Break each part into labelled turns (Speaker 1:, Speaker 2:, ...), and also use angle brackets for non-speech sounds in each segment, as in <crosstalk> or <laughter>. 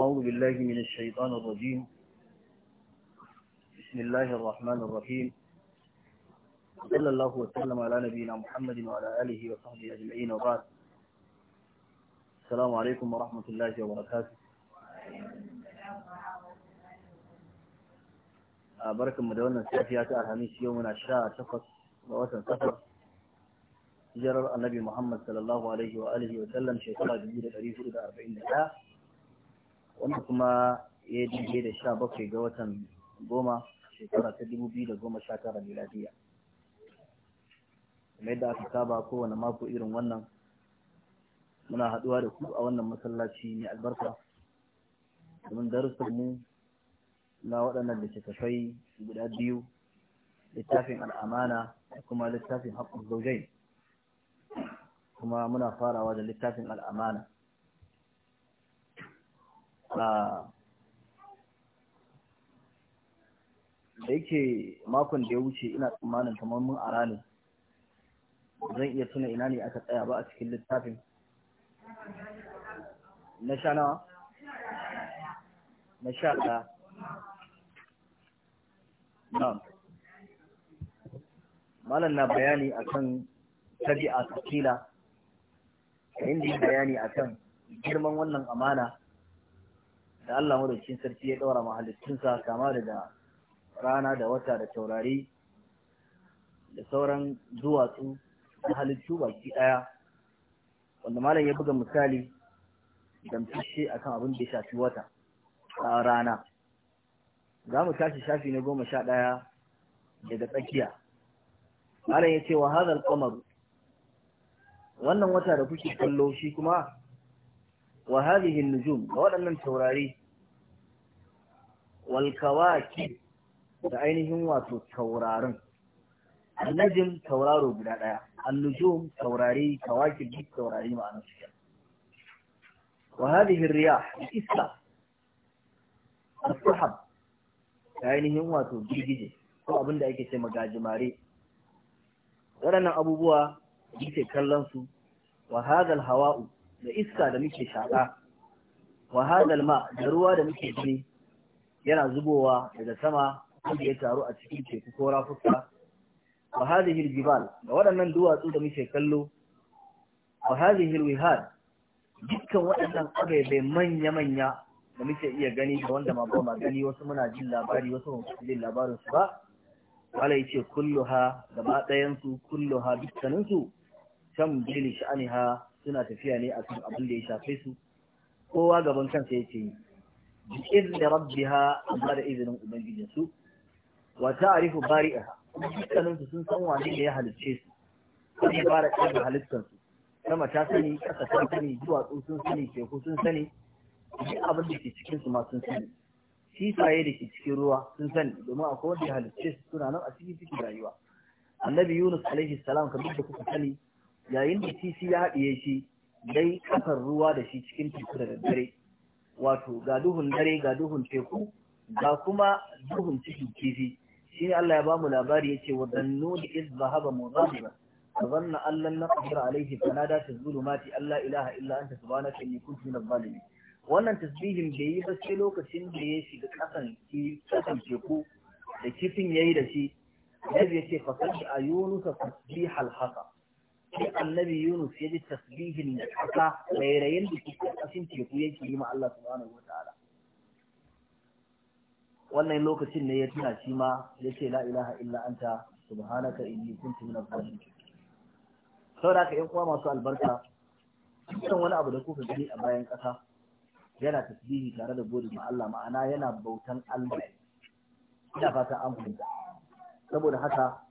Speaker 1: أعوذ بالله من الشيطان الرجيم بسم الله الرحمن الرحيم صلى الله وسلم على نبينا محمد وعلى آله وصحبه أجمعين وبعد السلام عليكم ورحمة الله وبركاته آه، بارك مدونا سيفي أتى الحميس يوم عشاء شخص ووسن سفر جرر النبي محمد صلى الله عليه وآله وسلم شيطان جديد الأريف إذا أربعين الله wanda kuma ya dige da sha bakwai ga watan goma shekara ta dubu biyu da goma sha tara miladiya kamar yadda aka saba kowane mako irin wannan muna haɗuwa da ku a wannan masallaci mai albarka domin darussan mu na waɗannan littattafai guda biyu littafin al'amana da kuma littafin haƙƙin zaujai kuma muna farawa da littafin al'amana da yake makon da ya wuce ina tsammanin kamar mun ara ne, zan iya tuna ina ne aka tsaya ba a cikin littafin na sha nawa na sha ɗaya na malam na bayani akan tabi'a sakila inda yi bayani kan girman wannan amana da Allah madaukakin sarki ya daura mahalittunsa kama daga rana da wata da taurari da sauran duwatsu na halittu baki daya wanda malam ya buga misali damtashe akan abin da ya shafi wata a rana za mu tashi shafi na goma sha ɗaya daga tsakiya malam ya ce wa hazal kamaru wannan wata da kuke kallo shi kuma wa hadhihi an-nujum da waɗannan taurari wal kawakib da taurarin annajim tauraro guda ɗaya annujum taurari kawakib duk taurari ma'ana su wa hadhihi ar-riyah iska as-sahab da ainihin wato girgije ko abinda ake ce Gajimare. waɗannan abubuwa yake kallon su wa hadal hawa'u da iska da muke shaƙa wa hadal ma da ruwa da muke ji yana zubowa daga sama wanda ya taru a cikin teku ko rafuka wa hadhihi aljibal da waɗannan duwatsu da muke kallo wa hadhihi alwihad dukkan waɗannan ababe manya manya da muke iya gani da wanda ma ba ma gani wasu muna jin labari wasu ba su jin labarin su ba wala yace kulluha gaba ɗayan su kulluha dukkanin su tamjili sha'aniha suna tafiya ne kan abin da ya shafe su kowa gaban kansa yake yi bi izni rabbiha amma da izinin ubangijin su wa ta'rifu bari'aha dukkanin su sun san wani ne ya halicce su
Speaker 2: sai yi fara ƙarfi
Speaker 1: halittar su Kuma ta sani ƙasa ta sani duwatsu sun sani teku sun sani duk abin da ke cikin su ma sun sani kifaye da ke cikin ruwa sun sani domin akwai wanda ya halicce su suna nan a cikin cikin rayuwa annabi yunus alaihi salam kamar da kuka sani yayin da kifi ya haɗiye shi dai kasar ruwa da shi cikin teku da daddare wato ga duhun dare ga duhun teku ga kuma duhun cikin kifi shi ne Allah ya bamu labari ya ce wa zannu da iz zahaba mudhaba fa zanna allan naqdir alaihi fa nada fi mati Allah ilaha illa anta subhanaka inni kuntu minadh zalimin wannan tasbihin da yi ba lokacin da ya shiga kasan kasan teku da kifin yayi da shi Nabi yace fa sadi ayunuka tasbihal haka. sai annabi Yunus ya ji tasbihin da ƙasa rairayin da ke ƙasin teku yake yi ma Allah subhanahu ta'ala. wannan lokacin ne ya tuna shi ma ya ce la ilaha illa anta subhanaka inni kuntu minal zalimin saboda ka yan uwa masu albarka dukkan wani abu da kuka gani a bayan ƙasa yana tasbihi tare da gode ma Allah ma'ana yana bautan Allah ina fata an fahimta saboda haka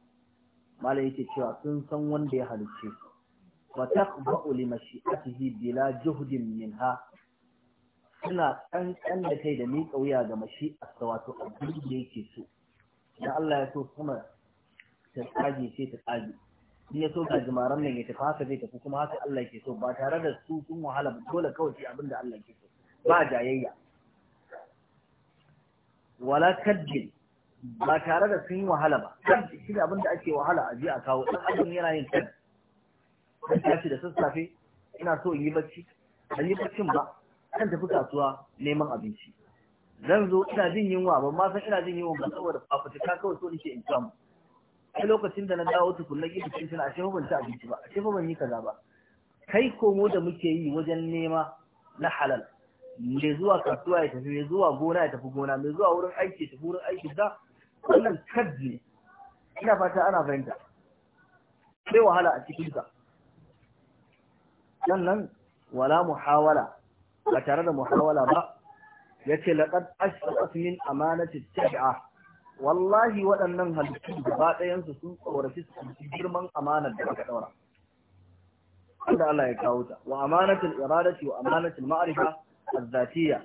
Speaker 1: malam yake cewa sun san wanda ya halicce su wa taqba'u li mashi'atihi bila juhdin minha suna kankan da kai da miƙa wuya ga mashi'arsa wato abin da yake so da Allah ya so kuma ta tsage ce ta tsage in ya so ga jimaran nan ya tafi haka zai tafi kuma haka Allah ke so ba tare da su sun wahala ba dole kawai sai abin da Allah ke so ba jayayya wala kaddin ba tare da sun yi wahala ba kan shi ne abin da ake wahala a ji a kawo ɗan abin yana yin kan kan tashi da sassafe ina so in yi bacci ban yi baccin ba kan tafi kasuwa neman abinci zan zo ina jin yunwa ban ma san ina jin yunwa ba saboda fafutuka kawai so nake in samu kai lokacin da na dawo tukunna gidan cikin a ashe ban ci abinci ba ashe ban yi kaza ba kai komo da muke yi wajen nema na halal mai zuwa kasuwa ya tafi mai zuwa gona ya tafi gona mai zuwa wurin aiki ya tafi wurin aiki da wannan kaddi ina fata ana fahimta sai wahala a cikinsa sannan wala muhawala ba tare da muhawala ba ya ce laƙar ashirat min amanati tabi'a wallahi waɗannan halittu gaba ɗayansu sun tsorafi su girman amanar da aka ɗaura wanda Allah ya kawo ta wa amanatul iradati wa amanatul a azzatiyya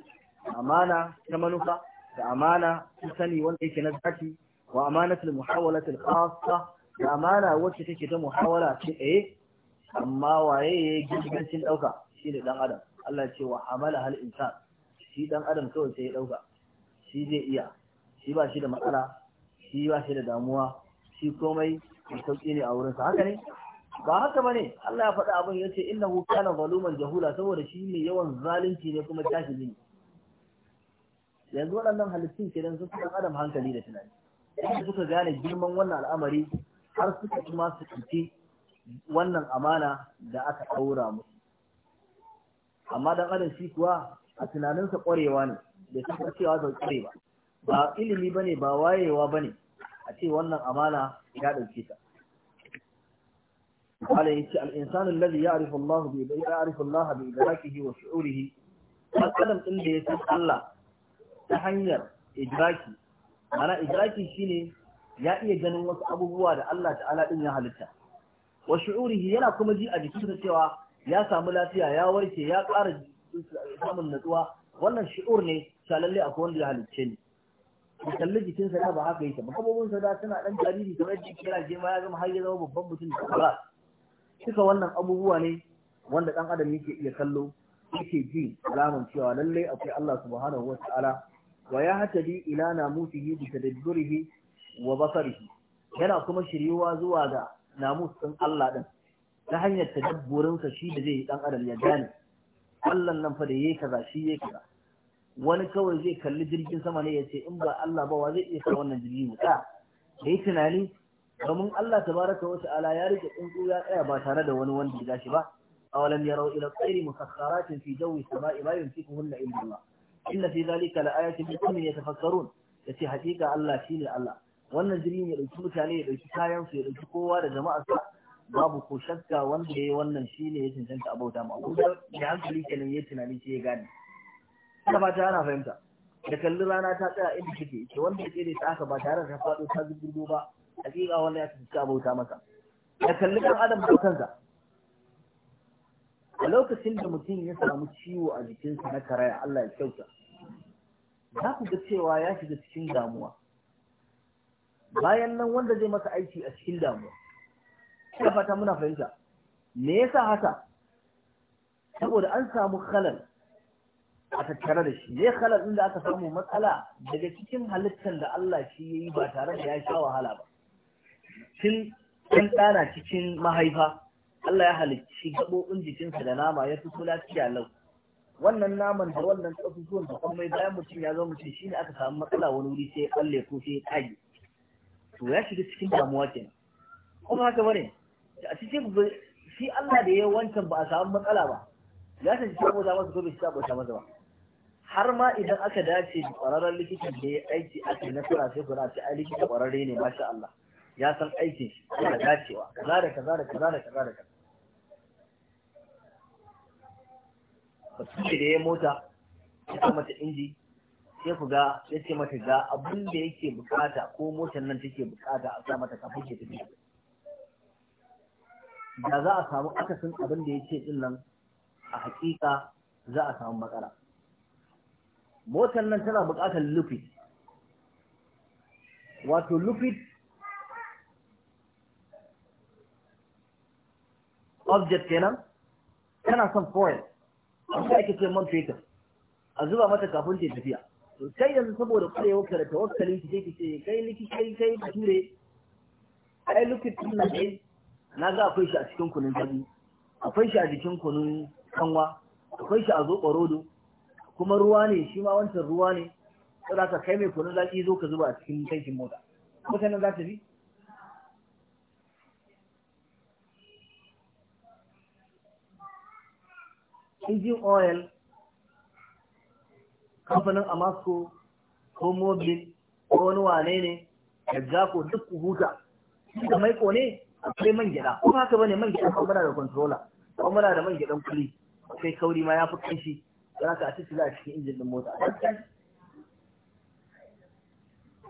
Speaker 1: amana ta manufa da amana sun sani wanda yake na zaki wa amana muhawala muhawalatul khassa da amana wacce take ta muhawala ce eh amma waye ya gigancin dauka shi ne dan adam Allah ya ce wa amala hal insan shi dan adam kawai sai ya dauka shi zai iya shi ba shi da matsala shi ba shi da damuwa shi komai mai sauki ne a wurin sa. haka ne ba haka bane Allah ya faɗa abin yace innahu kana zaluman jahula saboda shi ne yawan zalunci ne kuma jahili ne yanzu waɗannan halittun kenan sun san adam hankali da tunani yadda suka gane girman wannan al'amari har suka kuma su cuci wannan amana da aka ɗaura musu amma dan adam shi kuwa a tunaninsa ƙwarewa ne bai san cewa zai ƙware ba ba ilimi bane ba wayewa bane a ce wannan amana ya ɗauke ta قال الإنسان الذي يعرف الله بإدراكه وشعوره da إن يسأل الله ta hanyar idraki mana idraki shine ya iya ganin wasu abubuwa da Allah ta'ala din ya halitta wa shu'urihi yana kuma ji a jikinsa cewa ya samu lafiya ya warke ya ƙara samun natsuwa wannan shu'ur ne shalalle akwai wanda ya halicce ni da kalli jikinsa ya ba haka yake ba kabobinsa da suna dan jariri kamar yadda yake yana jema ya zama har ya zama babban mutum da ba suka wannan abubuwa ne wanda dan adam yake iya kallo yake ji zamun cewa lallai akwai Allah subhanahu wa ta'ala wa ya hatadi ila namusihi bi tadabburihi wa basarihi yana kuma shiryuwa zuwa ga namus din Allah ta hanyar tadabburin sa shi da zai yi dan adam ya gane Allah nan fa da yayi kaza shi yayi kaza wani kawai zai kalli jirgin sama ne ya ce in ba Allah ba wa zai iya sa wannan jirgi mutsa da yi tunani domin Allah tabaraka wa ta'ala ya rike tsuntsu ya tsaya ba tare da wani wanda ya gashi ba awalam yarau ila tsairi musakharatin fi jawi sama'i ma yumsikuhunna illa Allah inna fi zalika la'ayatin liqaumin yatafakkarun yace hakika Allah shine Allah wannan jirgin ya dauki mutane ya dauki kayan su ya dauki kowa da jama'a sa babu ko shakka wanda yi wannan shi ne ya cancanta abauta mu abu da hankali kenan ya tunani shi ya gane ina fata ana fahimta da kalli rana ta tsaya inda take ce wanda ya tsere ta aka ba tare da faɗo ta zubirgo ba hakika wannan ya cancanta abauta masa da kalli dan adam da kansa a lokacin da mutum ya samu ciwo a jikinsa na karaya Allah ya kyauta za ku ga cewa ya shiga cikin damuwa bayan nan wanda zai masa aiki a cikin damuwa ina fata muna fahimta me yasa haka saboda an samu khalal a tattare da shi ne khalal inda aka samu matsala daga cikin halittar da Allah shi ya yi ba tare da ya sha wahala ba tun ɗan ɗana cikin mahaifa Allah ya halicci gaɓoɓin jikinsa da nama ya fito lafiya lau wannan naman da wannan tsofaffin da kuma bayan mutum ya zama mutum shine aka samu matsala wani wuri sai ya kalle ko sai ya kage to ya shiga cikin damuwa kenan kuma haka bane a cikin shi Allah da ya wancan ba a samu matsala ba ya san cewa bauta masa ko bai ci bauta masa ba har ma idan aka dace da kwararren likitan da ya aiki aka yi nasara sai kuna ce ai likita kwararre ne masha Allah ya san aikin shi yana dacewa kaza da kaza da kaza da kaza da kaza ba da ya mota ya mata inji ya ku ga ya ce mata ga abin da yake bukata ko motar nan take bukata a sa mata kafin ke tafi da za a samu akasin abin da ce din nan a hakika za a samu matsala motar nan tana bukatar lupit. wato lupit, object kenan tana son foil abin ake ce man fetur a zuba mata kafin ta tafiya to kai yanzu saboda kare ka da tawakkali ki ki ce kai liki kai kai bature ai lokacin na ne na ga akwai shi a cikin kunun fadi akwai shi a jikin kunun kanwa akwai shi a zoɓa rodo kuma ruwa ne shi ma wancan ruwa ne saboda ka kai mai kunun zaki zo ka zuba a cikin tankin mota mutanen za ta bi Engine oil kamfanin amasco ko mobil ko wani wane ne da jako duk huta da maiko ne akwai man gyaɗa ko haka bane man gyaɗa kuma muna da controller kuma muna da man gyaɗan kuli sai kauri ma ya fi kanshi za ka a ci za a cikin injin din mota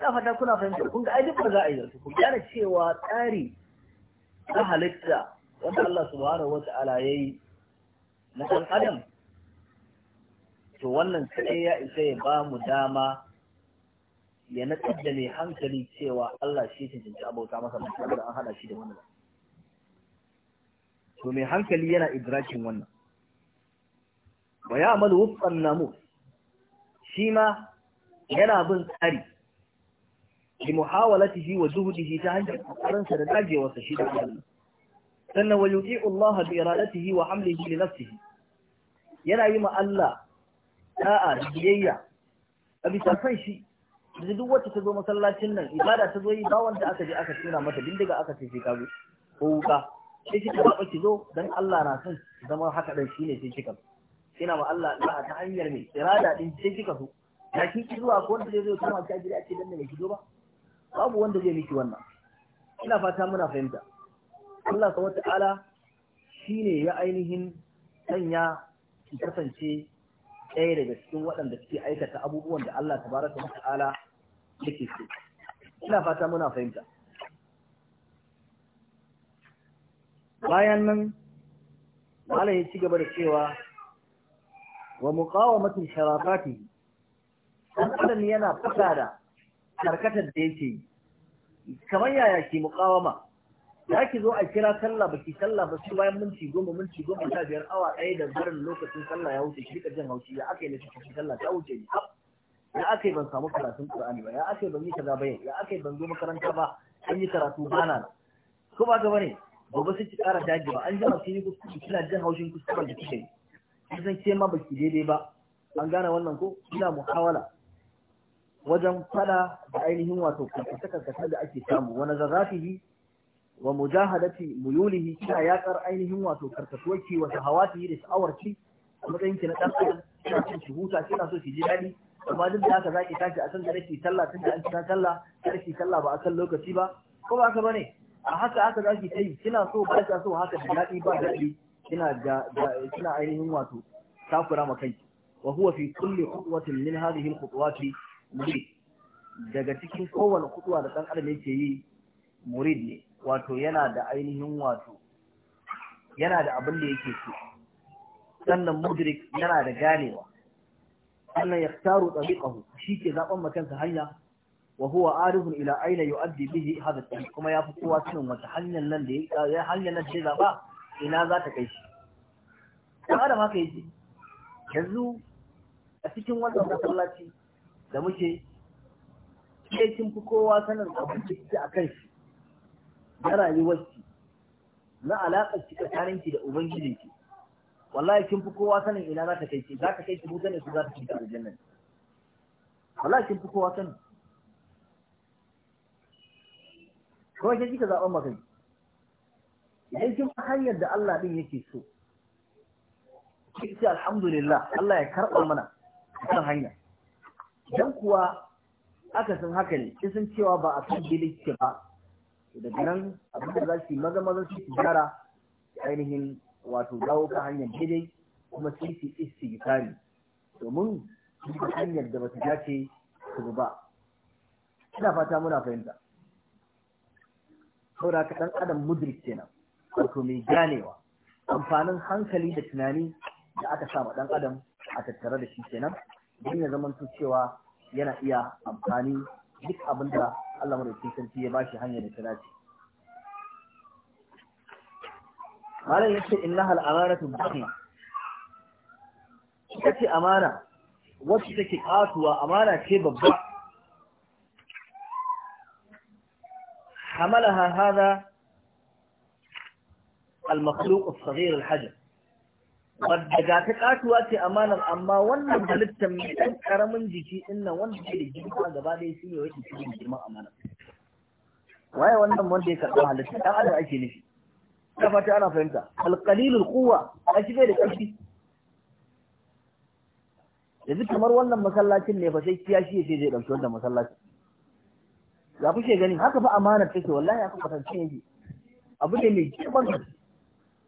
Speaker 1: ta fata kuna fahimta kun ga ai duk ba za a yi yanzu kun gane cewa tsari na halitta wanda Allah subhanahu wata'ala ya yi na ɗan adam to wannan kaɗai ya isa ya ba mu dama ya natsar da mai hankali cewa Allah shi cancanci abauta masa ba da an hada shi da wannan to mai hankali yana idrakin wannan ba ya amalu wufan namu shi ma yana bin tsari li muhawalatihi wa zuhudihi ta hanyar kokarinsa da dajewarsa shi da Allah sannan wa yuqi'u Allah bi iradatihi wa hamlihi li nafsihi yana yi ma Allah da'a biyayya a bisa san shi da duk wacce ta zo masallacin nan ibada ta zo yi ba wanda aka je aka tuna mata bindiga aka ce sai ka ko wuka sai kika ba ki zo dan Allah na son zama haka dan shine sai kika ina ma Allah ta hanyar ne irada din sai kika so da ki zuwa ko wanda zai zo tana ki a gida a ce dan ne ki zo ba babu wanda zai miki wannan ina fata muna fahimta Allah ala wata'ala ne ya ainihin sanya su kasance ɗaya daga cikin waɗanda suke aikata abubuwan da Allah Ta tabaraka wa ta'ala ke so ina fata muna fahimta bayan nan malam ya ci gaba da cewa wa muqawamatin sharafati dan adam yana fada da karkatar da yake kamar yaya ke muqawama Ya ki zo a kira sallah baki sallah ba su bayan minti goma minti goma sha biyar awa ɗaya da barin lokacin sallah ya wuce shi jan haushi ya aka yi na cikin sallah ta wuce ni ya aka yi ban samu karatun qur'ani ba ya aka yi ban yi kaza bayan ya aka yi ban zo makaranta ba an yi karatu bana ko ba ga bane gobe sai ki ƙara daji ba an ji masu yi kuskure kina jin haushin kuskuren da kike yi kin san ke ma baki daidai ba an gane wannan ko kina muhawala wajen fada da ainihin wato karkace-karkace da ake samu wani zazzafihi wa mujahadati muyulihi kina yakar ainihin wato karkatuwar wa shahawati da sha'awar ki a matsayin ki na dan adam kina son ki huta kina so ki ji daɗi? amma duk da haka zaki tashi a san da talla, sallah tun da an ci sallah ki sallah ba a kan lokaci ba ko ba haka bane a haka haka zaki kai kina so ba kina so haka da dadi ba dadi kina ga kina ainihin wato takura ma kai wa huwa fi kulli khutwatin min hadhihi al murid daga cikin kowane kutuwa da ɗan adam yake yi murid ne wato yana da ainihin wato yana da abin da yake so sannan mudrik yana da ganewa sannan ya taru tsabiƙahu shi ke zaɓen makansa hanya wa huwa arifun ila aina yu'addi bihi hadha al kuma ya fi kowa sanin wata hanyar nan da ya hanyar nan da zaba ina za ta kai shi dan adam haka yake yanzu a cikin wannan masallaci da muke ke kin fi kowa sanin abin da a kan shi na ki na alaƙar ki tsakanin ki da ubangijin ki wallahi kin fi kowa sanin ina za ta kai ki za ta kai ki mutane su za ta a aljanna wallahi kin fi kowa sanin kawai ke kika zaɓen magani idan kin fi hanyar da Allah din yake so kin ce alhamdulillah Allah ya karɓa mana kan hanya dan kuwa aka san haka ne kin san cewa ba a kan bilin ba daga nan abin da za su yi maza maza su gyara ainihin wato dawo ka hanyar daidai kuma su yi gitari, domin su yi hanyar da su dace su ba ina fata muna fahimta saboda ka dan adam mudrik kenan wato mai ganewa amfanin hankali da tunani da aka sama ɗan adam a tattare da shi kenan don ya zama cewa yana iya amfani duk abin da Allah madaukakin sarki ya bashi hanyar da ta dace malam yace innaha al-amanatu baqi kace amana wacce take katuwa amana ce babba حملها هذا المخلوق الصغير الحجر wadda ga ta katuwa ce amanar amma wannan halittar mai ɗan ƙaramin jiki ɗin nan wanda ke da girma gaba ɗaya shi ne wake cikin girman amanar waye wannan wanda ya karɓi halitta ɗan adam ake nufi ta fata ana fahimta alƙalilul kuwa a shi bai da ƙarfi yanzu kamar wannan masallacin ne fa sai kiyashi ya ce zai ɗauki wannan masallacin ya fi gani haka fa amanar take wallahi haka kwatance yake abu ne mai girman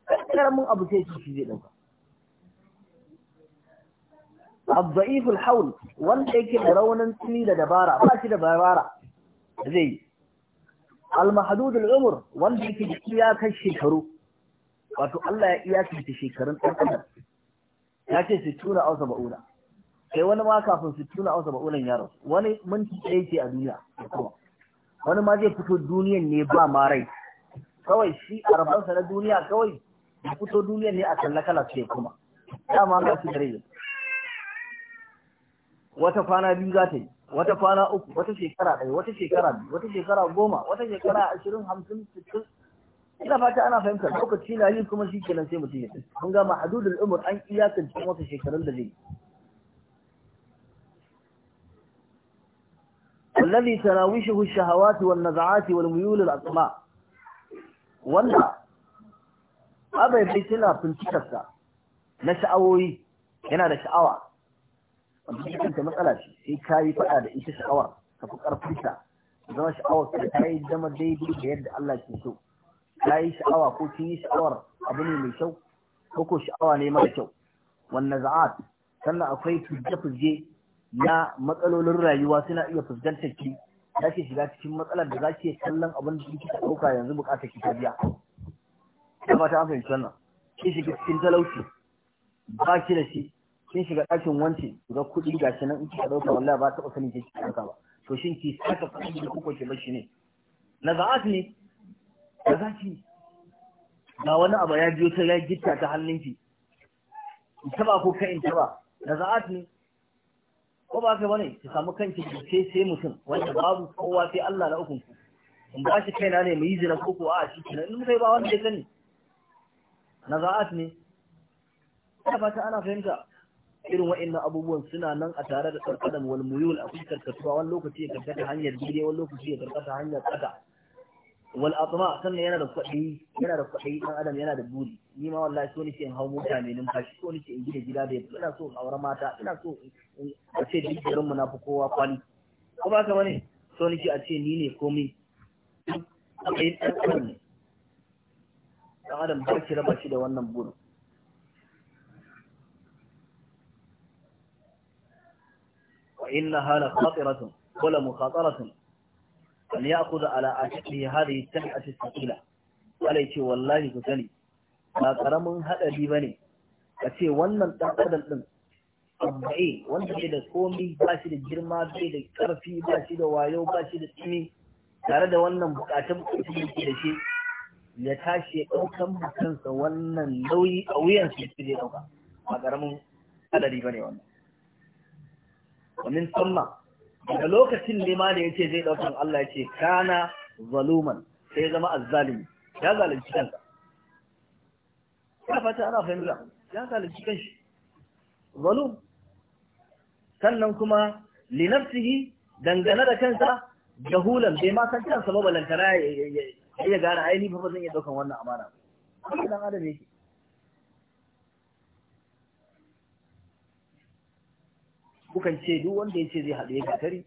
Speaker 1: ƙarfi ƙaramin abu sai shi zai ɗauka abda'iful haul wanda yake da raunin tsini da dabara ba shi da dabara zai yi al-mahdud al-umr wanda yake da iyakar shekaru wato Allah ya iyakance shekarun ɗan adam ya ce su tuna ausa ba'una sai wani ma kafin su tuna ausa ba'unan yaro wani minti ɗaya ce a duniya wani ma zai fito duniyan ne ba ma rai kawai shi a rabansa na duniya kawai ya fito duniyan ne a kalla kala sai kuma dama ga su da rai wata kwana biyu za ta yi wata kwana uku wata shekara ɗaya wata shekara biyu wata shekara goma wata shekara ashirin hamsin sittin ina fata ana fahimta lokaci na yi kuma shi kenan sai mutum ya tsaye kun ga ma'adudul umur an iyakance masa shekarun da zai yi الذي تراوشه الشهوات والنزعات والميول الأطماع wanda abai bai tana fincikarsa na sha'awoyi yana da sha'awa wanda kanta matsala ce sai ka yi faɗa da ita sha'awar ka fi ƙarfinta zama sha'awar ka ta yi zama daidai da yadda Allah ke so ka yi sha'awa ko kin yi sha'awar abu ne mai kyau ko ko sha'awa ne mara kyau wannan za'at sannan akwai fizge-fizge na matsalolin rayuwa suna iya fuskantar ki za ki shiga cikin matsalar da za ki kallon abin da kika ɗauka yanzu buƙatar ki ta biya ta fata an fahimci wannan ki shiga cikin talauci ba ki da shi kin shiga ɗakin wance ga kuɗi ga shi nan in kika ɗauka wallahi ba taɓa sanin kika ɗauka ba to shin ki saka kuɗi da kuka ke bashi ne na za'at ne ba za ki ga wani abu ya biyo ta ya gitta ta hannunki ki taba ko kai in taba na za'at ne ko ba ka bane ki samu kanki ki ce sai mutum wanda babu kowa sai Allah na ukun ku in ba shi kaina ne mu yi zina ko ko a shi kenan in sai ba wanda ya sani na za'at ne ta fata ana fahimta irin wa'annan abubuwan suna nan a tare da karkadan wal muyul cikin karkatuwa wani lokaci ya karkata hanyar daidai wani lokaci ya karkata hanyar tsaka wal atma sannan yana da kwaɗi yana da kwaɗi dan adam yana da buri ni ma wallahi so nake in hau mota mai numfashi so nake in gida gida da ina so in aure mata ina so in a ce duk garin mu na fi kowa kwali ko ba ka bane so nake a ce ni ne komai akwai dan adam ne dan adam ba ki raba shi da wannan burin وإنها لخاطرة ولا مخاطرة أن يأخذ على عاتقه هذه التهئة الثقيلة عليك والله كتني ما كرم هذا بني أتي ونن تأخذ الأم أربعين wanda ke da komi ba shi da girma bai da ƙarfi ba shi da wayo ba shi da tsini tare da wannan bukatun mutum yake da shi ya tashi ya ɗaukan kansa wannan nauyi a wuyansa ya ce ɗauka ba ƙaramin adadi ba ne wannan ومن ثم daga lokacin ne ma da yace zai daukan Allah yace kana zaluman sai zama azzalimi ya zalunci kansa ya fata ana fahimta ya zalunci kanshi zalum sannan kuma li nafsihi dangane da kansa jahulan bai ma san kansa ba balantana ya gane ainihin fa zan iya daukan wannan amana dan adam yake kukan ce duk wanda ya ce zai haɗu ya gatari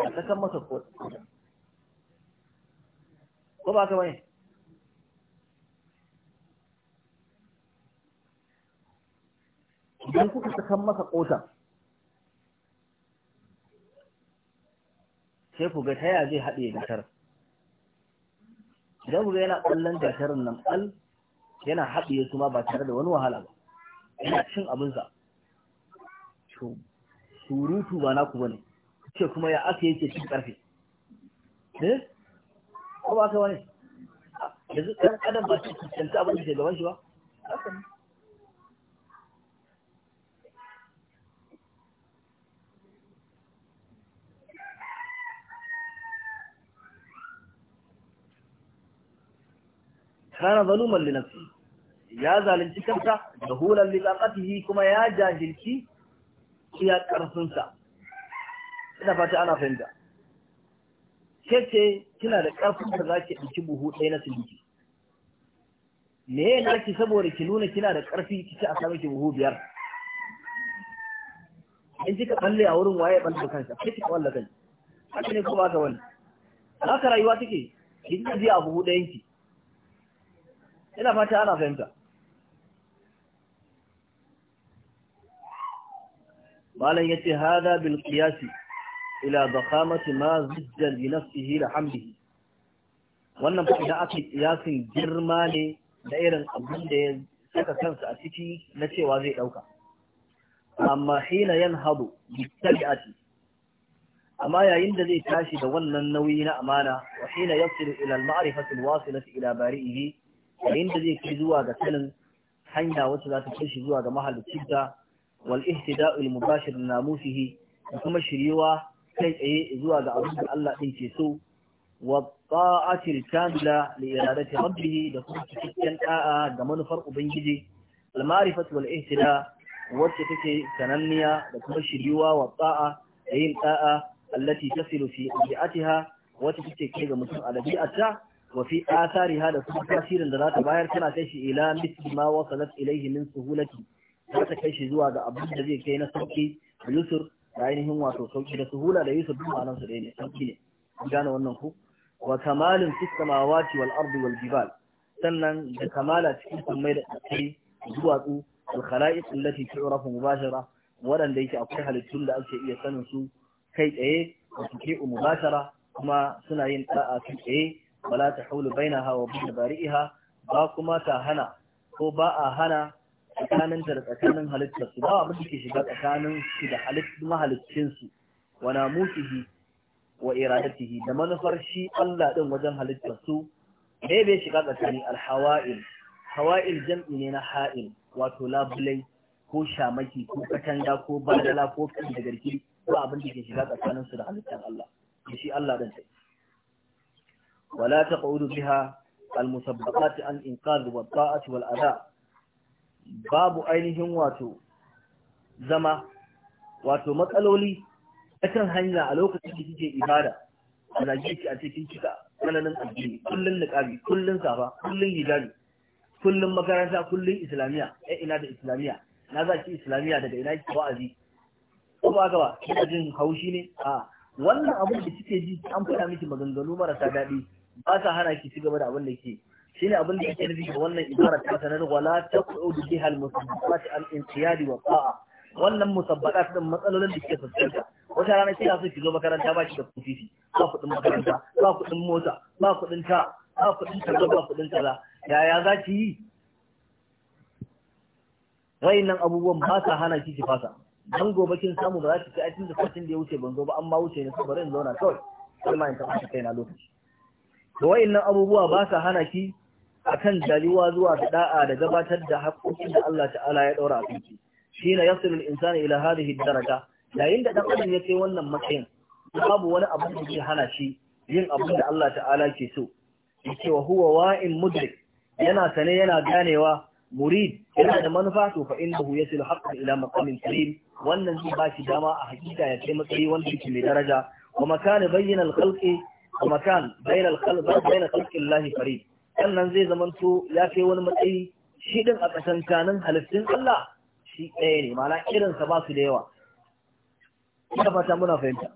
Speaker 1: a kasan masa kodan ko ba ka bane idan kuka sakan masa kotan sai ku ga taya zai haɗe gatar idan ku ga yana ƙwallon gatarin nan ƙal yana haɗe ya suma ba tare da wani wahala ba yana cin abinsa surutu ba naku bane ce kuma ya aka yake cikin karfe eh ko ba ka wani yanzu kan adam ba shi kanta abin da ke gaban shi ba kana zaluman li nafsi ya zalunci kanta da hulan li kuma ya jahilci iya ƙarfinsa ina fata ana fahimta ke ce kina da ƙarfin da za ki ɗauki buhu ɗaya na siliki me ya naki saboda ki nuna kina da ƙarfi ki ci a sami ki buhu biyar in kika balle a wurin waye balle kansa sai kika balle kai. haka ne kuma ka wani haka rayuwa take ki ji a buhu ɗayan ki ina fata ana fahimta malam yace hada bil qiyasi ila baqamati ma zijja li nafsihi la hamdihi wannan fa idan kiyasin girma ne da irin abin da ya saka kansa a ciki na cewa zai dauka amma hina yanhadu bi tabi'ati amma yayin da zai tashi da wannan nauyi na amana wa hina yasilu ila al-ma'rifati al-wasilati ila bari'ihi yayin da zai kai zuwa ga sanin hanya wacce za ta kai shi zuwa ga mahaliccinta wal ihtida'u al mubashir namusihi da kuma shiriwa kai tsaye zuwa ga abin Allah din ke so wa ta'atil kamila li iradati rabbih da kuma cikakken ɗa'a ga manufar ubangiji al ma'rifatu wal ihtida wacce take sananniya da kuma shiriwa wa ta'a da yin ta'a allati tasilu fi bi'atiha wacce take kai ga mutum a dabi'arta وفي آثارها لكم تأثير لذات باير كان تشي إلى مثل ما وصلت إليه من سهولة za ta kai shi zuwa ga abin da zai kai na sauki da yusuf da ainihin wato sauki da suhula da yusuf duk ma'anar su ɗaya ne sauki ne gane wannan ku wa kamalin fi samawati wal ardi wal jibal sannan da kamala cikin sammai da kai duwatsu al khalaiq allati tu'rafu mubashara waɗanda yake akwai halittun da ake iya sanin su kai tsaye wa tuqi'u mubashara kuma suna yin da'a kai tsaye wala tahulu bainaha wa bain bari'iha ba kuma ta hana ko ba a hana tsakanin da tsakanin halittar su ba abin da ke shiga tsakanin su da halittun mahaliccin su wa namusihi wa iradatihi da manufar shi Allah din wajen halittar su ne bai shiga tsakanin alhawa'il hawa'il jam'i ne na ha'il wato labulai ko shamaki ko katanga ko badala ko kan da garki ba abin da ke shiga tsakanin su da halittar Allah da shi Allah din sai wala taqudu biha المسبقات عن إنقاذ والطاعة والأداء babu ainihin wato zama wato matsaloli a kan hanya a lokacin da kike ibada a zage a cikin kika tsananin addini kullun niqabi kullun safa kullun hijabi kullun makaranta kullun islamiya eh ina da islamiya na za ki islamiya daga ina ki wa'azi ko ba gaba kina jin haushi ne a wannan abin da kike ji an faɗa miki maganganu marasa daɗi ba sa hana ki cigaba da abin da kike shine abin da yake nufi wannan ibara ta sanar wala taqudu biha al-musabbat al-inqiyadi wa qa'a wannan musabbatat din matsalolin da ke fuskanta wata rana kina so ki zo makaranta ba ki da kuɗi ba kuɗin makaranta ba kuɗin mota ba kuɗin ta ba kuɗin kaza ba kuɗin kaza yaya za ki yi nan abubuwan ba sa hana ki ki fasa dan gobe kin samu ba za ki ci aikin da kwacin da ya wuce ban zo ba amma wuce ne saboda in zauna kawai kalma in taɓa kai na lokaci to nan abubuwa ba sa hana ki akan daliwa zuwa ga da'a da gabatar da haƙoƙin da Allah ta'ala ya daura a kanki shine yasilu al-insanu ila hadhihi daraja yayin da ɗan ya kai wannan matsayin babu wani abu da zai hana shi yin abin da Allah ta'ala ke so yake wa huwa wa'in mudrik yana sane yana ganewa murid yana da manufa to fa innahu yasilu haqqan ila maqamin karim wannan zai ba shi dama a hakika ya kai matsayi wanda yake mai daraja wa makan bayyana al-khalqi wa makan bayna al-khalqi bayna khalqi Allah farid sannan zai zamanto ya kai wani matsayi shi ɗin a kasantanin halittun Allah shi ɗaya ne mana irinsa ba su da yawa ina fata muna fahimta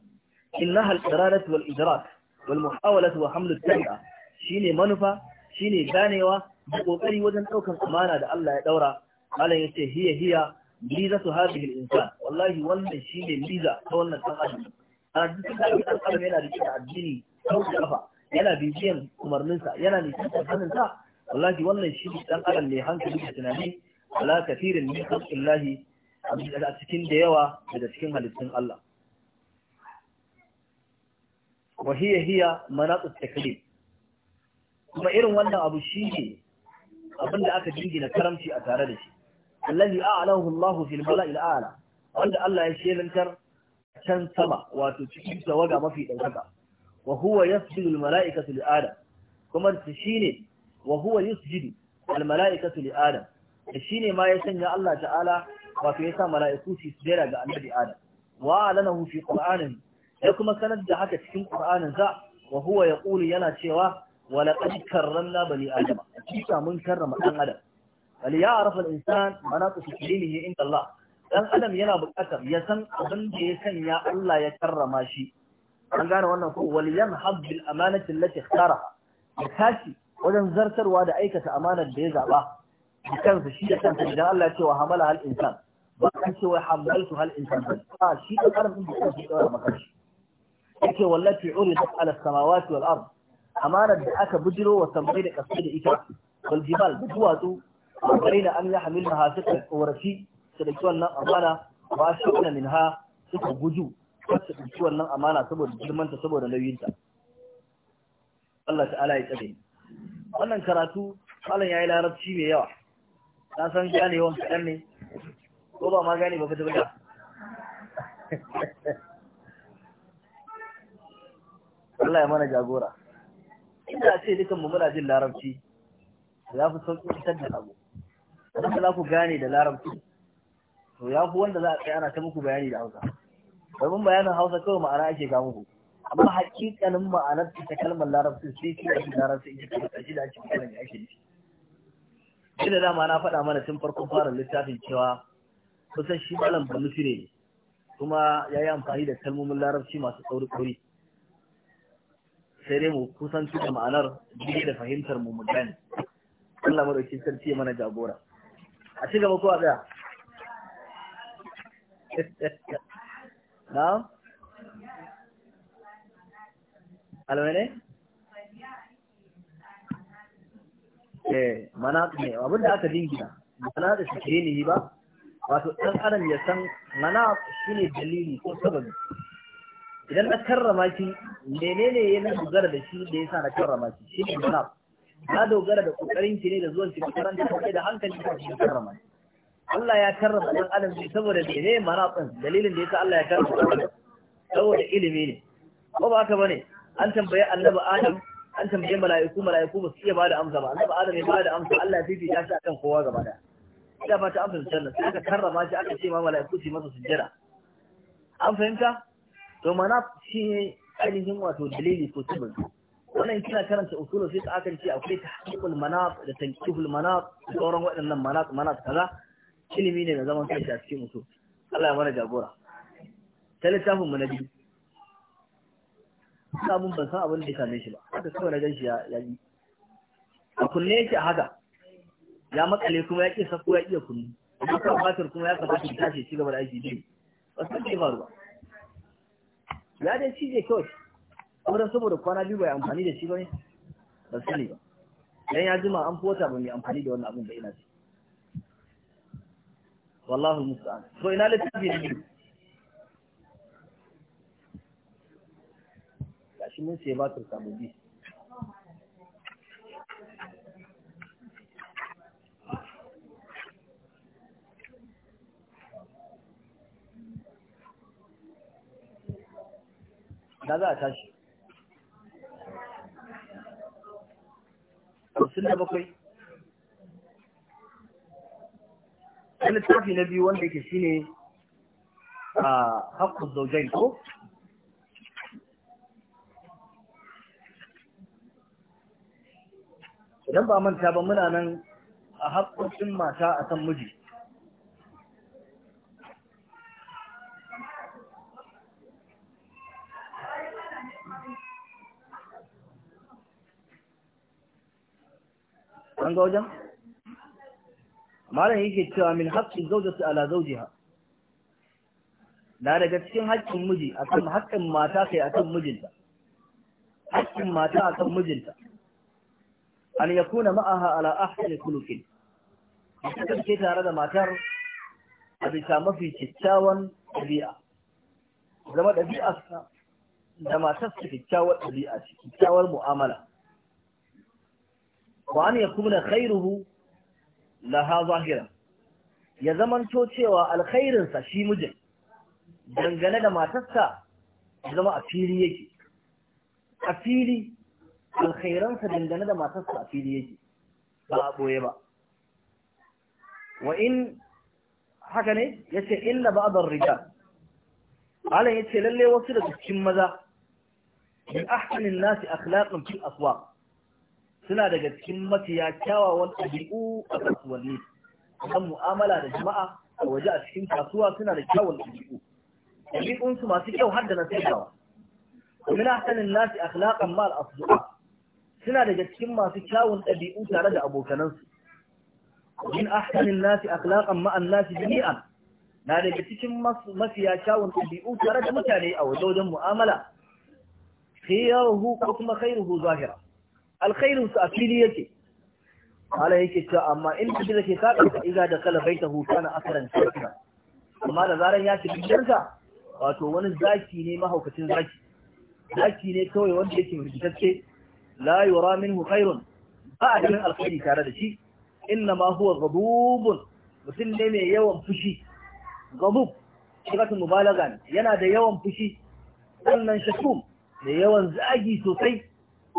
Speaker 1: innaha al-qiraratu wal idrak wal muhawalat wa hamlu at shine manufa shine ganewa da kokari wajen daukan amana da Allah ya daura malam yace hiya hiya liza su hadhihi insan wallahi wannan shine liza ta wannan dan adam a duk da dan adam yana da addini kafa yana bibiyan umarninsa yana nisantar hannunsa wallahi wannan shi dan adam ne hankali da tunani Wala kafirin min khalqillahi a cikin da yawa daga cikin halittun Allah wa hiya hiya manaqut taklim kuma irin wannan abu shi ne abinda aka jingina karamci a tare da shi allazi a'lahu Allahu fil mala'il a'la wanda Allah ya shelantar can sama wato cikin tawaga mafi daukaka wa huwa yasjudu al mala'ikatu li adam kuma shine wa huwa yasjudu al mala'ikatu li adam shine ma ya sanya Allah ta'ala wato ya sa mala'iku su sujjada ga annabi adam wa alanahu fi qur'anin ya kuma sanar da haka cikin qur'anin za wa huwa yaqulu yana cewa wa laqad karramna bani adam kika mun karrama ɗan adam bal ya'rafu al insan ne ilmihi inda Allah Ɗan adam yana buƙatar ya san abin da ya sanya Allah ya karrama shi an gane wannan ko wal yamhad bil amanati allati ikhtara ya kashi wajen zartarwa da aikata amanar da ya zaba da kansa shi da kansa idan Allah ya ce wa hamala hal insan ba kan ce wai hamaltu hal insan ba shi da karam din da kansa da maka shi yake wallati uridat ala samawati wal ard amanar da aka bujiro wa samai da kasai da ita wal jibal duwatsu baina an yahmilna hasika warashi da wannan amana ba shi min minha suka guju wasu ɗauki wannan amana saboda girmanta saboda nauyinta Allah ta'ala ya tsare wannan karatu ya yi larabci mai yawa na san gane yawan kaɗan ne ko ba ma gane ba ka tabbata Allah ya mana jagora inda a ce dukan mu muna jin larabci ya fi sauƙi fitar da abu wanda za ku gane da larabci to ya fi wanda za a tsaya ana ta muku bayani da hausa domin bayanin hausa kawai ma'ana ake kawo ku amma hakikanin ma'anar ta kalmar larabci sai shi da larabci ita ce ta shi da ake kalmar da ake nufi shi da dama na faɗa mana tun farkon fara littafin cewa kusan shi malam nufi ne kuma ya yi amfani da kalmomin larabci masu tsauri tsauri sai dai mu kusan da ma'anar jirgi da fahimtar mu mu gane Allah madauki sarki mana jagora a ci gaba ko a tsaya <laughs> na'am alwane eh mana ne abin da aka dingina mana da shi ne ba wato ɗan adam ya san mana shi ne dalili ko sababi idan na karrama shi menene ya na dogara da shi da ya sa na karrama shi shine mana na dogara da ƙoƙarin ki ne da zuwan ki makaranta da hankali ka karrama shi Allah ya karrama ɗan adam ne saboda mene manatsin dalilin da yasa Allah ya karrama ɗan adam saboda ilimi ne ko ba haka bane an tambaye annabi adam an tambaye mala'iku mala'iku ba su iya bada amsa ba annabi adam ya bada amsa Allah ya fifita shi akan kowa gaba da ina fata an fahimta nan sai aka karrama shi aka ce ma mala'iku su masa sujjada an fahimta to mana shi ainihin wato dalili ko sabon wannan kina karanta sai fiqh akan ce akwai tahqiqul manaf da tankihul manaf da sauran waɗannan manaf manaf kaza ilimi ne na zaman kai a cikin mutum Allah ya mana jagora ta littafin mu na biyu mun ban san abin da ya same shi ba haka kawai na ganshi ya yi a kunne yake haka ya makale kuma ya ƙi sako ya iya kunni amma kan fatar kuma ya kamata ya tashi ci gaba da aiki biyu ba san ke faru ba ya dai je kawai wurin saboda kwana biyu bai amfani da shi ba ne ba ne ba dan ya jima an fota ba mai amfani da wannan abin da ina ci wallahu musta'an to ina littafi ne gashi mun sai ba turka da a Wani tafi na biyu wanda ke shine a haƙƙun zaujain ko idan ba manta ba muna nan a haƙƙoƙin mata a san miji an ga wajen? مالها يجد من حق الزوجة على زوجها لا رجل كم حق مجي أكم حق ماتا في أكم مجلسة حق ماتا أكم مجلسة أن يكون معها على أحسن كلك يجب كيف هذا ماتر أبي سامه في تتاوان أبيئة لما أبيئة لما تصف تتاوان أبيئة تتاوان مؤاملة وأن يكون خيره laha zahira ya zamanto cewa alkhairinsa shi mijin dangane da matarsa ya zama a fili yake a fili alkhairansa dangane da matarsa a fili yake ba a ɓoye ba wa in haka ne ya ce inna ba a rija alan ya ce lallai wasu daga cikin maza min ahsanin nasi akhlaqan fil aswaq suna daga cikin mafiya kyawawan ɗabi'u a kasuwanni kan mu'amala da jama'a a waje a cikin kasuwa suna da kyawun ɗabi'u ɗabi'unsu masu kyau har da na sayarwa ومن أحسن الناس أخلاقا مع الأصدقاء suna daga cikin masu kyawun ɗabi'u tare da abokanansu min ahsanin nasi akhlaqan ma'an nasi jami'an na daga cikin mafiya kyawun ɗabi'u tare da mutane a waje wajen mu'amala khayruhu ko kuma khayruhu zahira alkhairin su a fili yake Allah yake cewa amma in kaji da ke kaɗa ka iga da kala ta hutu na akaran sarkina amma da zarar ya ci gidansa wato wani zaki ne mahaukacin zaki zaki ne kawai wanda yake rikitacce la yura minhu khairun ba a cikin alkhairi tare da shi inna ma huwa Gabubun mutum ne mai yawan fushi ghadub shigatun mubalaga ne yana da yawan fushi sannan shakum da yawan zagi sosai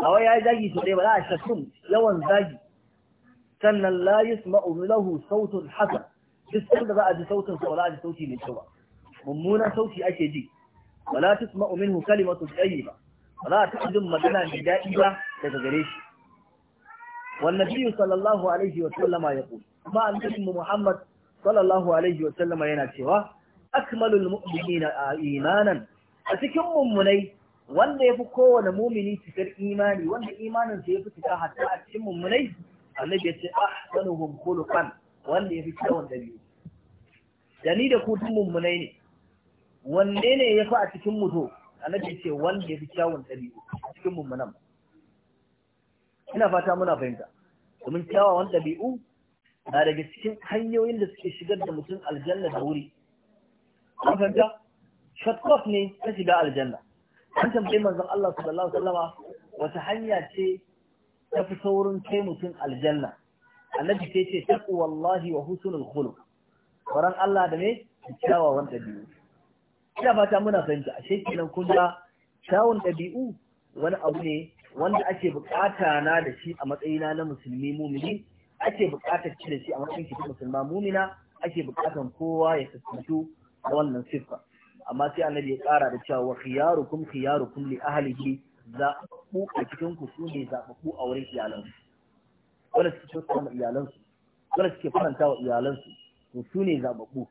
Speaker 1: a ya yi zagi to dai ba za a shakkun yawan zagi sannan la yasma'u lahu sautun hasan duk da za a ji sautin su ba za a ji sauti mai kyau ba mummunan sauti ake ji wala tasma'u minhu masu tayyiba ba za a taɓa jin magana mai daɗi ba daga gare shi والنبي صلى الله عليه وسلم يقول ما أنتم محمد صلى الله عليه وسلم ينسوا أكمل imanan. A cikin mummunai. wanda ya fi kowane mumini cikar imani wanda imaninsa ya fi cika hatta a cikin mummunai annabi ya ce hunkulu khuluqan wanda ya fi kyawun dabi'u da ni da ku mummunai ne wanne ne ya fi a cikin mutu annabi ya ce wanda ya fi kyawun dabi'u a cikin mummunan ina fata muna fahimta domin kyawawan dabi'u na daga cikin hanyoyin da suke shigar da mutum aljanna da wuri an fahimta shortcut ne na shiga aljanna an tambayi manzon Allah sallallahu alaihi wasallama wata hanya ce ta fi saurin kai mutum aljanna annabi sai ce taqwallahi wa husnul khuluq faran Allah da me kyawawan dabi'u ina fata muna fahimta ashe kenan kun ga kyawun dabi'u wani abu ne wanda ake bukata na da shi a matsayina na musulmi mumini ake bukatar ci da shi a matsayin shi musulma mumina ake bukatar kowa ya fuskantu da wannan siffa amma sai annabi ya ƙara da cewa khiyarukum khiyarukum li ahlihi ku a cikin ku su ne ku a wurin iyalansu wanda suke kyautata ma iyalansu wanda suke faranta wa iyalansu to su ne zaɓaɓɓu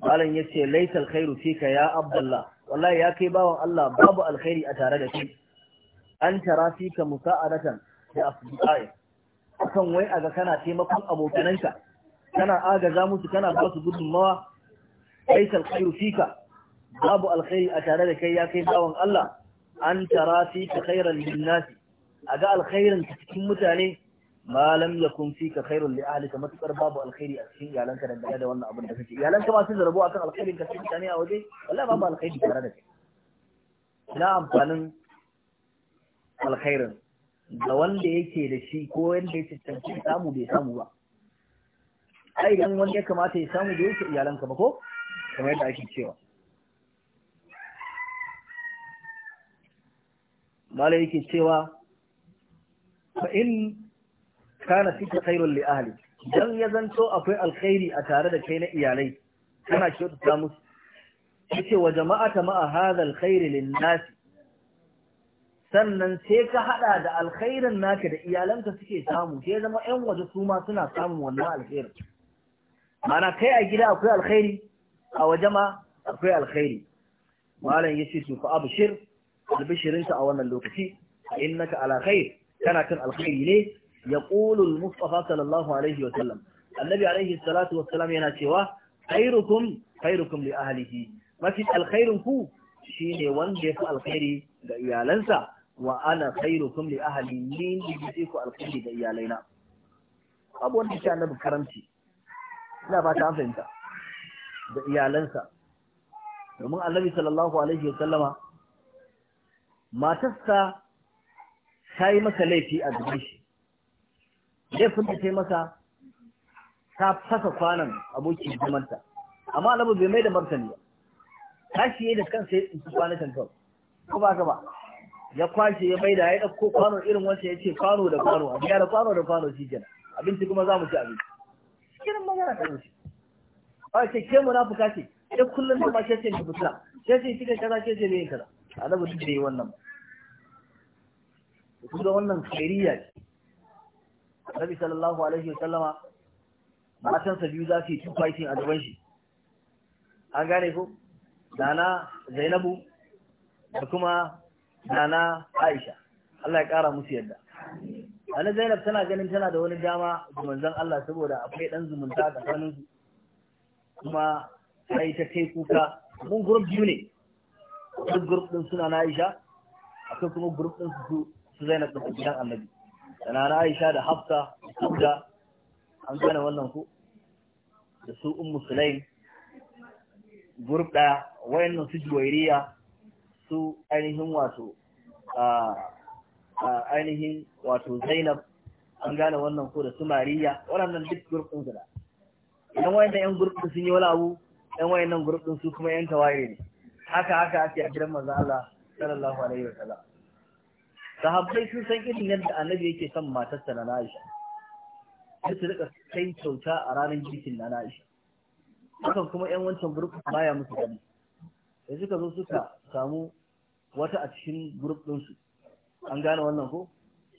Speaker 1: malam ya ce laisal khairu fika ya abdullah wallahi ya kai bawan Allah babu alkhairi a tare da shi an tara fika musa'adatan da asbiqai kan wai aga kana taimakon abokananka kana agaza musu kana ba su gudunmawa ليس الخير فيك باب الخير أتانا يا كي باوان الله أن ترى فيك خيرا للناس أجاء الخير تتكين متاني ما لم يكن فيك خير لأهلك ما تقر باب الخير أتكين يعلنك للبلاد وانا أبن دفتي يعلنك ما تزربوا أكن الخير إنك تتكين متاني أو دي ولا باب الخير ترى لك لا أمثال الخير da wanda yake da shi ko wanda ya cancanci samu bai samu ba ai dan wanda ya kamata ya samu da yake iyalanka ba ko kamar yadda ake cewa malai yake cewa fa in kana fika khairul li ahli dan ya zanto akwai alkhairi a tare da kai na iyalai kana kyautata musu ce wa jama'ata ma'a hada alkhairi lin nas sannan sai ka hada da alkhairin naka da iyalanka suke samu sai zama 'yan waje su ma suna samun wannan alkhairin mana kai a gida akwai alkhairi a waje ma akwai alkhairi malam ya ce fa abshir albishirinsa a wannan lokaci a innaka ala khair kana kan alkhairi ne ya ƙulu mustafa sallallahu alaihi wa sallam annabi alaihi salatu wa sallam yana cewa khairukum khairukum li ahlihi mafi alkhairin ku shine wanda ya fi alkhairi ga iyalansa wa ana khairukum li ahli ni ne ku alkhairi ga iyalaina abu wanda ya annabi karamci ina fata an fahimta da iyalansa domin annabi sallallahu alaihi wa sallama matarsa ta yi masa laifi a gaban shi laifin da ta yi masa ta fasa kwanan abokin zamanta amma annabi bai mai da martani ba tashi yayi da kansa ya tsinci kwana kawai ko ba ka ba ya kwashe ya da ya dauko kwano irin wancan ya ce kwano da kwano a biya da kwano da kwano shi kenan abinci kuma za mu ci abinci cikin magana ta yi a ce ke munafuka ce ke kullum da ke ce mutuwa ke ce kika kaza ke ce ne kaza annabi duk da yi wannan ku da wannan khairiyya ce annabi sallallahu alaihi wasallama matan sa biyu za su yi two a gaban shi an gane ko dana Zainabu da kuma dana Aisha Allah ya kara musu yadda Wani Zainab tana ganin tana da wani dama zumunzan Allah saboda akwai dan zumunta tsakanin su kuma sai ta kai kuka mun group biyu ne duk group din suna na Aisha akwai kuma group din su su Zainab da gidan Annabi da na Aisha da Hafsa da an gane wannan ku da su Ummu Sulaim group da wayannan su Juwairiya su ainihin wato a ainihin wato Zainab an gane wannan ku, da su Mariya Wannan duk group din su da yan wayannan yan gurbi sun yi wani abu yan nan gurbin su kuma yan tawaye ne haka haka ake a gidan manzo Allah sallallahu alaihi wa sallam sahabbai sun san irin yadda annabi yake son matarsa na Aisha sai su rika kai kyauta a ranar girkin na Aisha hakan kuma yan wancan gurbin baya musu gani da suka zo suka samu wata a cikin grup su an gane wannan ko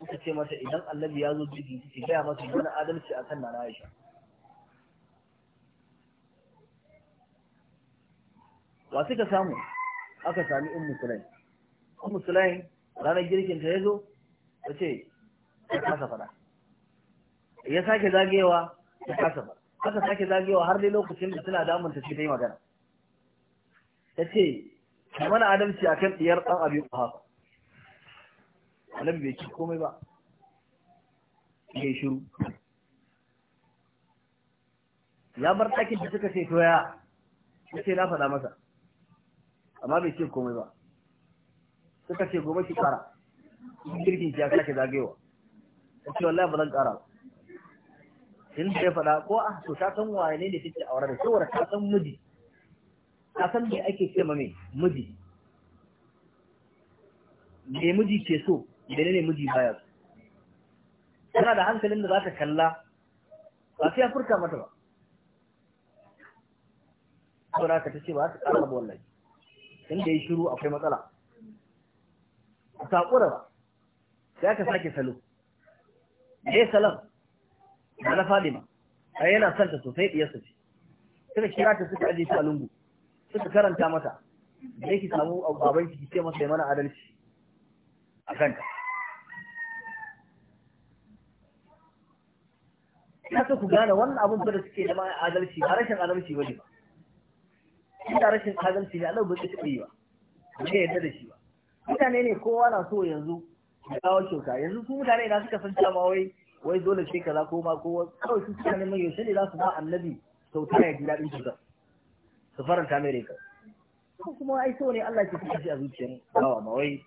Speaker 1: suka ce mata idan annabi ya zo jirgin ki gaya masa wani adalci akan na Aisha wa suka samu aka sami ummu sulaim ummu sulaim ranar girkin ta yazo ta ce ta kasa fada ya sake zagewa ta kasa fada aka sake zagewa har dai lokacin da suna damun ta ce ta yi magana ta ce mana adalci akan diyar dan abi haka annabi bai ci komai ba ya shiru ya bar ɗakin da suka ce toya ya ce na faɗa masa amma bai ce komai ba suka ce gobe ki kara kirkin ki ya sake zagewa ta ce wallahi ba zan kara ba in da ya faɗa ko a ah, to ta san waye ne da take aure da saboda ta san miji ta san me ake ce ma me miji me miji ke so ne miji baya so tana da hankalin da za ta kalla ba sai ya furta mata ba saboda ka ta ce ba ta ƙara ba wallahi in da ya shiru akwai matsala a saƙura ba sai aka sake salo ya salon? da na fadima a yana son ta sosai ɗiyarsa ce suka kira ta suka aje a lungu suka karanta mata da yake samu a baban ki ce masa mana adalci a kanta Ya ku gane wannan abin da suke da adalci ba rashin adalci ba inda rashin adalci da Allah bai taɓa yi ba bai yadda da shi ba mutane ne kowa na so yanzu ya kawo kyauta yanzu su mutane na suka san cewa wai wai dole sai kaza ko ma ko kawai su suka neman yaushe ne za su ba annabi kyauta ya ji daɗin su faranta mai rai ko kuma ai so ne Allah ke kuka shi a zuciyar bawa ma wai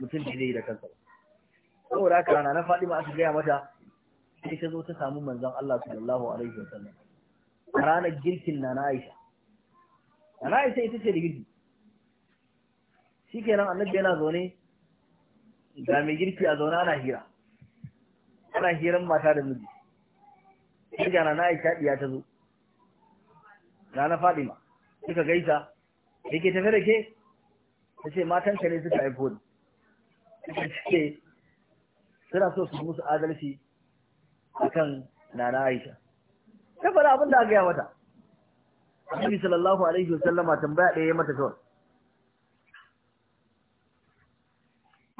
Speaker 1: mutum ne yi da kansa saboda haka rana na ma aka gaya mata sai ta zo ta samu manzon Allah sallallahu alaihi wasallam a ranar girkin na na Aisha na aisha ita ce da girki shikenan annabi yana zaune ga mai girki a zaune ana hira ana hiran mata da miji sai ga na aisha diya ta zo Na na fadima suka gaisa yake tafe da ke ta ce matanka ne suka haifo ni suka ce suna so su musu adalci akan nana aisha ta faɗa abin da aka yi mata annabi sallallahu alaihi wasallama tambaya ɗaya yayi mata kawai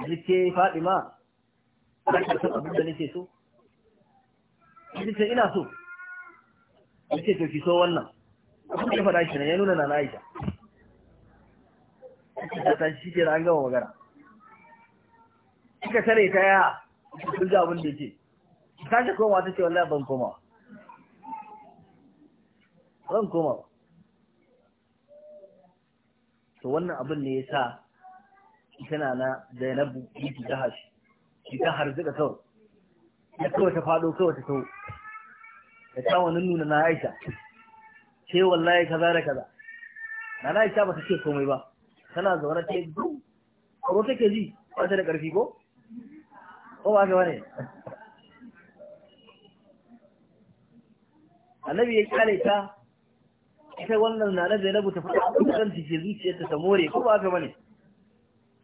Speaker 1: nake Fadima kake son abin da nake so nake ina so nake to ki so wannan abin da fara shi ne ya nuna na Aisha ta ta shi ke an gama magana kika tare ta ya duk ji abin da yake ta ce koma ta ce wallahi ban koma ban koma to wannan abin ne ya sa, tana na Zainabu ta hashi shi ta da kawai ya kawai ta fado kawai ta tawo ta tawo nuna na Aisha ce wallahi kaza da kaza na Aisha ba ta ce komai ba tana zaune ta yi duk ko take ji ba ta da karfi ko ko ba ga wani annabi ya kyale ta ita wannan na na zainabu ta faɗa a da ranta ke ta samore ko ba ka bane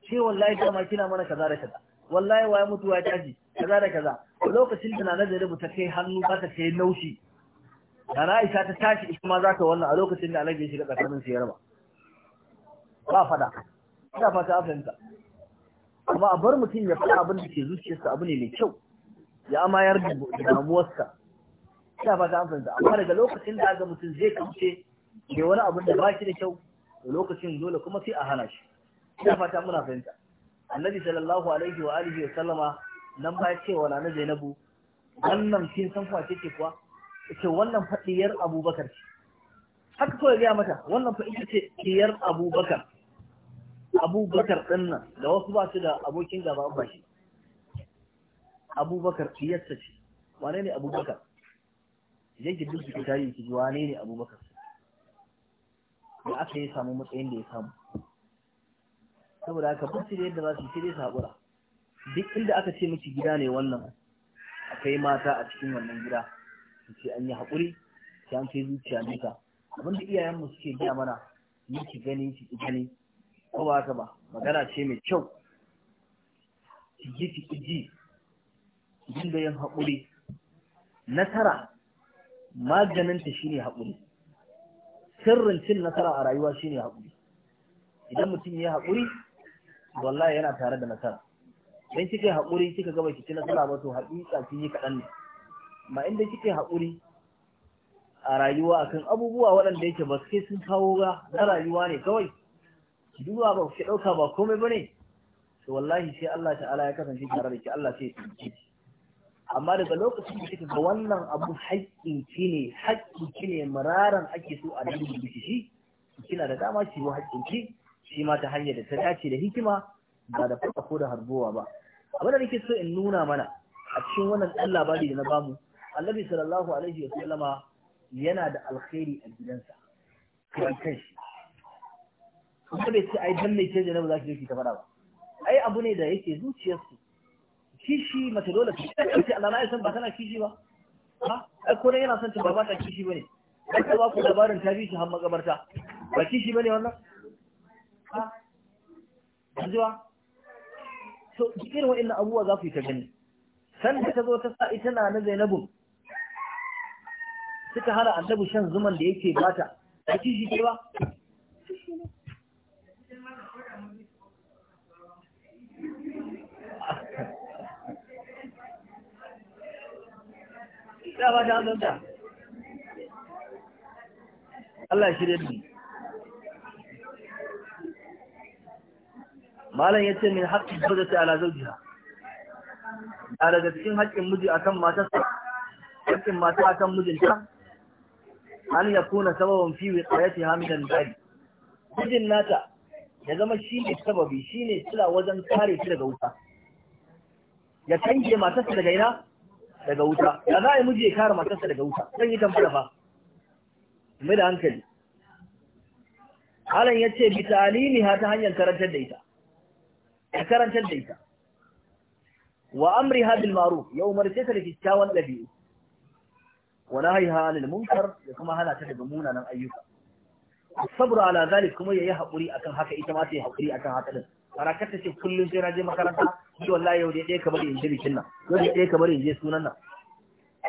Speaker 1: ce wallahi ma kina mana kaza da kaza wallahi waye mutuwa ya tashi kaza da kaza lokacin da na na zainabu ta kai hannu ba ta kai naushi da na isa ta tashi ita ma za ta wannan a lokacin da alaƙa ya shiga tsakanin su raba. ba fada ina fata a fahimta amma a bar mutum ya faɗa abin da ke zuciyarsa abu ne mai kyau ya amayar da damuwarsa ina fata a fahimta amma daga lokacin da aka mutum zai kamce ke wani abin da ba shi da kyau da lokacin dole kuma sai a hana shi ina fata muna fahimta annabi sallallahu alaihi wa alihi wa sallama nan ba cewa na na zainabu wannan kin san kwace ce kuwa ce wannan fadiyar abubakar ce haka kawai gaya mata wannan fa ita ce diyar abubakar abubakar din nan da wasu ba su da abokin gaba ba shi abubakar diyarsa ce wane ne abubakar idan ki duk ki tarihi ki wane ne abubakar da aka yi samu matsayin da ya samu saboda haka kun da yadda za su sai su duk inda aka ce miki gida ne wannan akwai mata a cikin wannan gida su ce an yi haƙuri sai an kai zuciya duka abin da iyayenmu suke gaya mana ni ki gani ki gani ko ba haka ba magana ce mai kyau ki ji ki ji dinga yin haƙuri nasara maganinta shine haƙuri sirrin cin nasara a rayuwa shine haƙuri idan mutum ya haƙuri wallahi yana tare da nasara dan kike haƙuri kika ga baki ci nasara ba to haƙiƙa kin yi kaɗan ne amma inda kike haƙuri a rayuwa akan abubuwa waɗanda yake ba sai sun kawo ga na rayuwa ne kawai duwa ba ki ɗauka ba komai bane to wallahi sai Allah ta'ala ya kasance tare da ki Allah sai ya tsinci amma daga lokacin da kika ga wannan abu haƙƙin ki ne haƙƙin ki ne mararan ake so a dinga da shi kina da dama ki wa haƙƙin ki shi ma ta hanyar da ta dace da hikima ba da farka ko da harbowa ba abin da nake so in nuna mana a cikin wannan ɗan labari da na bamu annabi sallallahu alaihi wa sallama yana da alkhairi a gidansa kan kanshi kuma bai ce ai dan mai ce ne ba za ki je ki ta fara ba ai abu ne da yake zuciyarsu kishi mace dole ta ce Allah na san ba tana kishi ba ha ai ko dai yana son ta ba ba ta kishi bane ai ta ba ku labarin ta bi har magabarta ba kishi bane wannan ha ba? so irin wa'annan abubuwa za ku yi ta gani san da ta zo ta sa ita na na Zainabu suka hana annabi shan zuman da yake bata ba kishi ke ba kishi ne
Speaker 2: dama ta zanta
Speaker 1: Allah shirya ne malam ya ce min haƙƙin zaujata ala zaujiha a daga cikin haƙƙin miji akan matarsa haƙƙin mata akan mijinta an ya kuna sababan fi wiqayati hamidan dari mijin nata ya zama shi ne sababi shi ne sila wajen kare shi daga wuta ya canje matarsa daga ina daga wuta ya za a yi miji ya kare matarsa daga wuta zan yi tambara fa mai da hankali Alan ya ce bita talimi ha ta hanyar karantar da ita ya karantar da ita wa amri ha bil maru ya umarce ta da kyakkyawan ɗabi'u wa haiha anil munkar ya kuma hana ta daga munanan ayyuka sabura ala zalik kuma yi haƙuri akan haka ita ma ta yi haƙuri akan haka din barakar ce kullum sai na je makaranta shi wallahi yau dai ɗaya kamar in je bikin nan yau dai ɗaya kamar in je sunan nan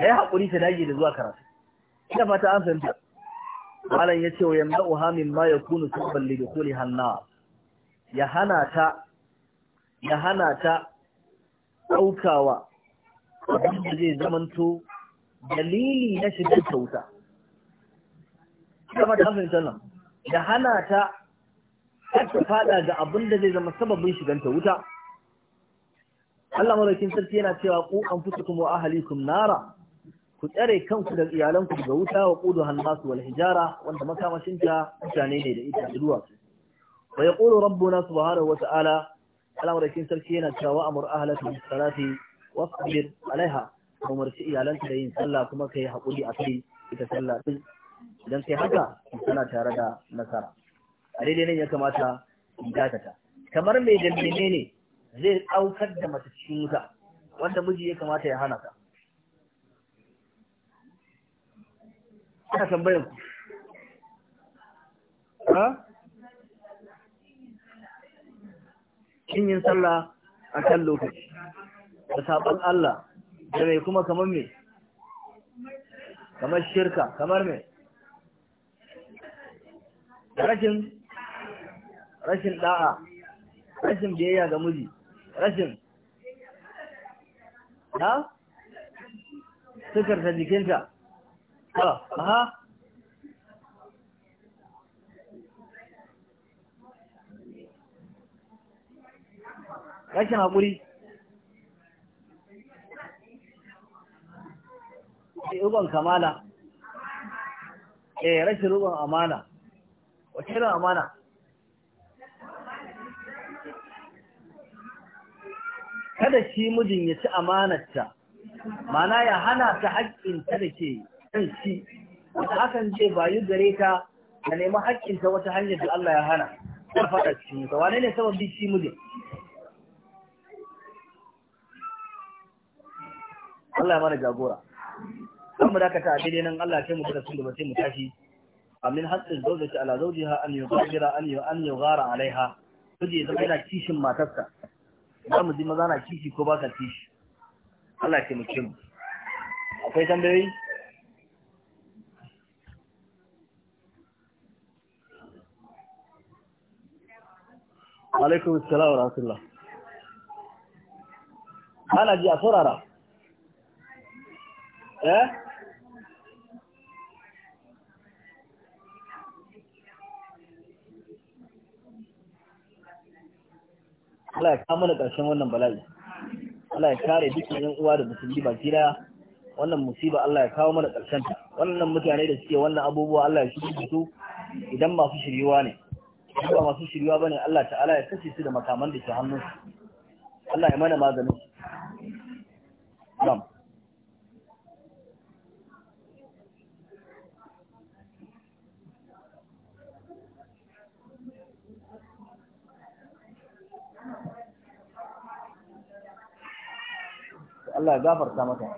Speaker 1: yi hakuri ta dage da zuwa karatu ina fata an fahimta malam ya ce wa yamna uha min ma yakunu sabban li dukhuli hanna ya hana ta ya hana ta daukawa wanda zai zamanto dalili na shigar tauta kama ta fahimtar nan da hana ta ta fada ga abin da zai zama sababin ta wuta Allah madaukin sarki yana cewa ku kuma wa ahlikum nara ku tsare kanku da iyalanku daga wuta wa kudu hannasu wal hijara wanda makamashin ta mutane ne da ita duwa wa yaqulu rabbuna subhanahu wa ta'ala Allah madaukin sarki yana cewa amur ahlaka bis salati wasbir alaiha umarci iyalanka da yin sallah kuma kai hakuri a kai ita sallah din idan kai haka kana tare da nasara a daidai nan ya kamata in dakata kamar mai dalilai ne zai ɗaukar da mace cikin wuta wanda miji ya kamata ya hana ta ina tambayar ku ha kin yin sallah a kan lokaci da sabon Allah da mai kuma kamar me kamar shirka kamar me rashin rashin da'a rashin biyayya ga miji rashin ha ta jikinta ha rashin haƙuri rubon kamala eh rashin rubon amana wacce irin amana kada shi mijin ya ci amanarta mana ya hana ta haƙƙinta da ke kan shi wata hakan ce bayu gare ta da nemi haƙƙinta wata hanyar da Allah ya hana ta faɗa cikin ta wane ne sababi shi mijin Allah ya mana jagora kan mu dakata a daidai nan Allah ya mu da sun ba sai mu tashi amin haqqin zawjati ala zawjiha an gara an yughara alaiha kuje zama yana kishin matarsa za mu ji maza na kishi ko baka kishi Allah ke muke mu akwai tambayoyi alaikum assalam wa rahmatullah ana ji a saurara eh Allah ya kama da ƙarshen wannan bala'i Allah ya kare dukkan yan uwa da musulmi baki daya wannan musiba Allah ya kawo mana ƙarshen ta wannan mutane da suke wannan abubuwa Allah ya shirye su idan masu shiryuwa ne idan ba masu shiryuwa bane Allah ta'ala ya kashe su da makaman da ke hannunsu Allah ya mana maganin su Allah ya gafarta mata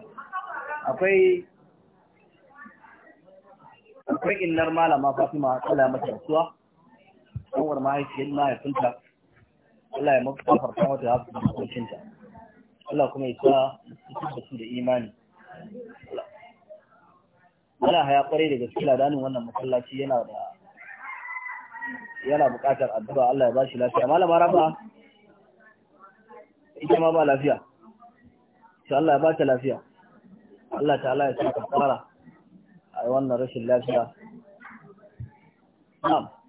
Speaker 1: akwai akwai innar malama Fatima Allah ya mata rasuwa kanwar mahaifiyar mahaifinta Allah ya mata gafarta mata ya hafi hukuncinta Allah kuma ya sa su da imani Allah ya kware da gaske ladanin wannan masallaci yana da yana buƙatar addu'a Allah ya ba shi lafiya malama rafa ita ma ba lafiya to Allah ya ba ta lafiya Allah ta'ala ya saka fara a wannan rashin lafiya na'am